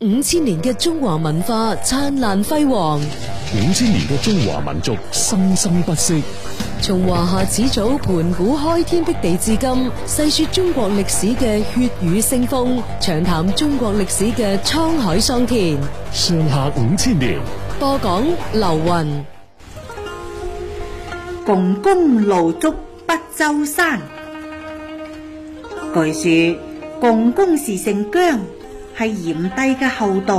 五千年嘅中華文化燦爛輝煌，五千年嘅中華民族生生不息。從華夏始祖盤古開天闢地至今，細說中國歷史嘅血雨腥風，長談中國歷史嘅滄海桑田。上下五千年，播講劉云。共工怒觸不周山，據說共工是姓姜。係炎帝嘅後代，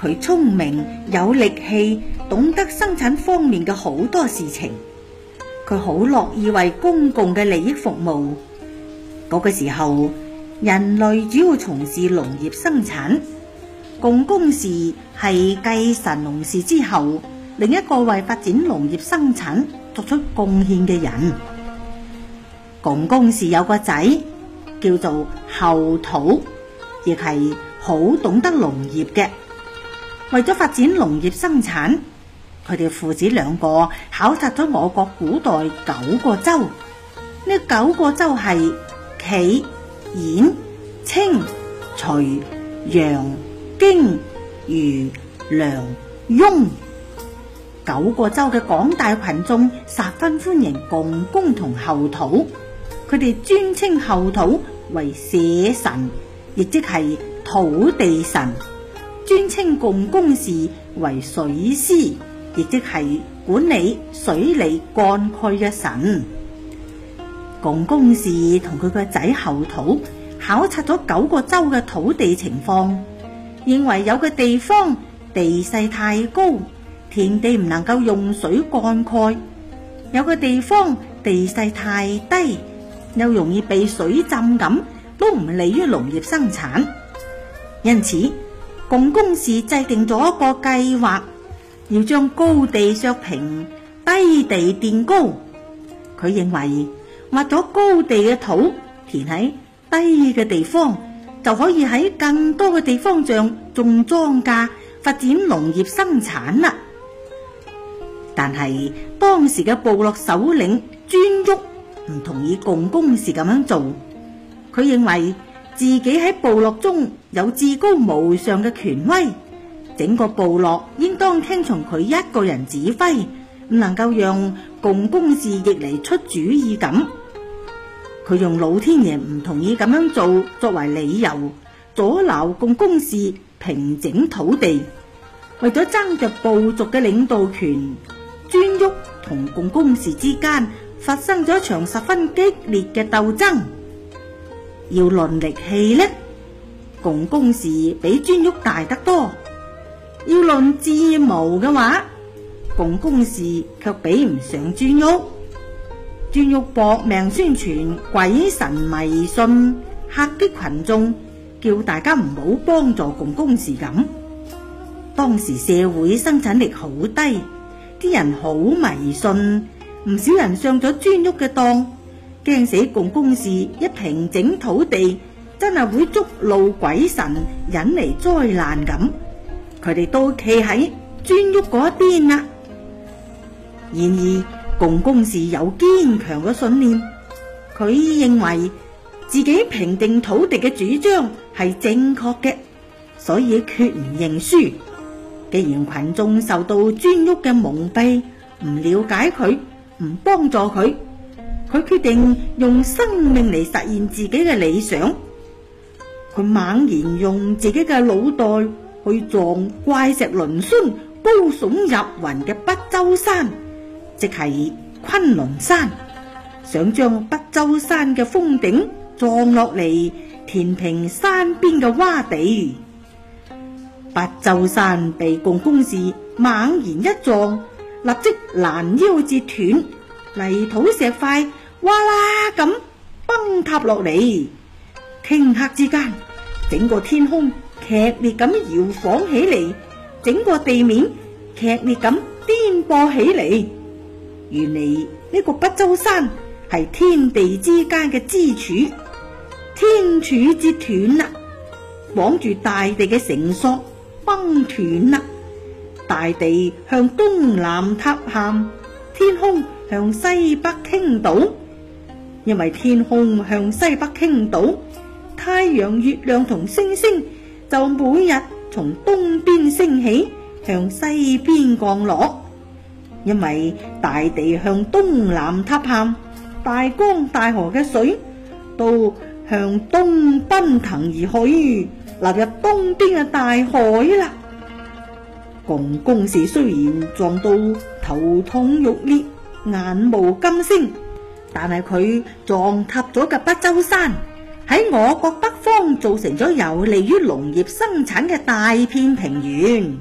佢聰明有力氣，懂得生產方面嘅好多事情。佢好樂意為公共嘅利益服務。嗰、那個時候，人類主要從事農業生產。共工氏係繼神農氏之後另一個為發展農業生產作出貢獻嘅人。共工氏有個仔叫做后土。亦係好懂得農業嘅，為咗發展農業生產，佢哋父子兩個考察咗我國古代九個州。呢九個州係冀、兗、青、徐、揚、荊、豫、梁、雍。九個州嘅廣大群眾十分歡迎共工同后土，佢哋尊稱后土為社神。亦即係土地神，尊稱共工氏為水師，亦即係管理水利灌溉嘅神。共工氏同佢個仔后土考察咗九個州嘅土地情況，認為有個地方地勢太高，田地唔能夠用水灌溉；有個地方地勢太低，又容易被水浸咁。都唔利於農業生產，因此共工氏制定咗一個計劃，要將高地削平，低地墊高。佢認為挖咗高地嘅土填喺低嘅地方，就可以喺更多嘅地方上種莊稼，發展農業生產啦。但係當時嘅部落首領顓頊唔同意共工氏咁樣做。佢認為自己喺部落中有至高無上嘅權威，整個部落應當聽從佢一個人指揮，唔能夠讓共工氏逆嚟出主意咁。佢用老天爺唔同意咁樣做作為理由，阻撓共工氏平整土地，為咗爭奪部族嘅領導權，顓頊同共工氏之間發生咗一場十分激烈嘅鬥爭。要論力氣呢，共工氏比顓頊大得多；要論智謀嘅話，共工氏卻比唔上顓頊。顓頊搏命宣傳，鬼神迷信，嚇啲群眾，叫大家唔好幫助共工氏咁。當時社會生產力好低，啲人好迷信，唔少人上咗顓頊嘅當。驚死共工氏一平整土地，真係會捉路鬼神，引嚟災難咁。佢哋都企喺顓頊嗰一邊啦、啊。然而，共工氏有堅強嘅信念，佢認為自己平定土地嘅主張係正確嘅，所以決唔認輸。既然群眾受到顓頊嘅蒙蔽，唔了解佢，唔幫助佢。佢決定用生命嚟實現自己嘅理想。佢猛然用自己嘅腦袋去撞怪石嶙峋、高聳入雲嘅不周山，即係昆崙山，想將不周山嘅峰頂撞落嚟，填平山邊嘅洼地。不周山被共工氏猛然一撞，立即攔腰截斷，泥土石塊，嘩啦咁崩塌落嚟，頃刻之間，整個天空劇烈咁搖晃起嚟，整個地面劇烈咁顛簸起嚟。原來呢個不周山係天地之間嘅支柱，天柱折斷啦，綁住大地嘅繩索崩斷啦，啊，大地向東南塌陷，天空向西北傾倒。因為天空向西北傾倒，太陽、月亮同星星就每日從東邊升起，向西邊降落。因為大地向東南塌陷，大江大河嘅水都向東奔騰而去，流入東邊嘅大海啦。共工氏雖然撞到頭痛欲裂、眼冒金星。但係佢撞塌咗嘅不周山，喺我國北方造成咗有利於農業生產嘅大片平原。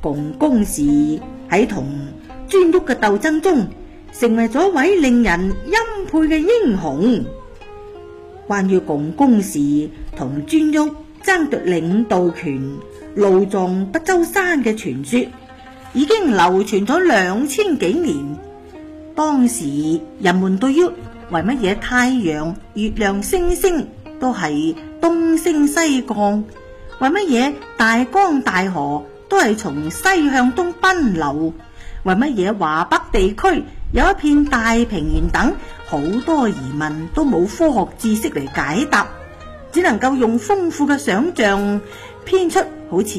共工氏喺同顓頊嘅鬥爭中，成為咗位令人欽佩嘅英雄。關於共工氏同顓頊爭奪領導權、怒撞不周山嘅傳說，已經流傳咗兩千幾年。當時人們對於為乜嘢太陽、月亮、星星都係東升西降，為乜嘢大江大河都係從西向東奔流，為乜嘢華北地區有一片大平原等，好多疑問都冇科學知識嚟解答，只能夠用豐富嘅想象編出好似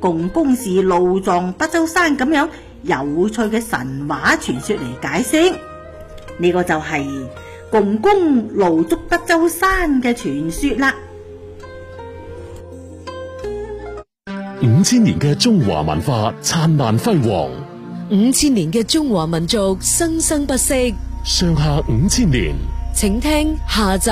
共工氏怒撞不周山咁樣。有趣嘅神話傳說嚟解釋，呢、這個就係、是、共工怒觸不周山嘅傳說啦。五千年嘅中華文化燦爛輝煌，五千年嘅中華民族生生不息，上下五千年，請聽下集。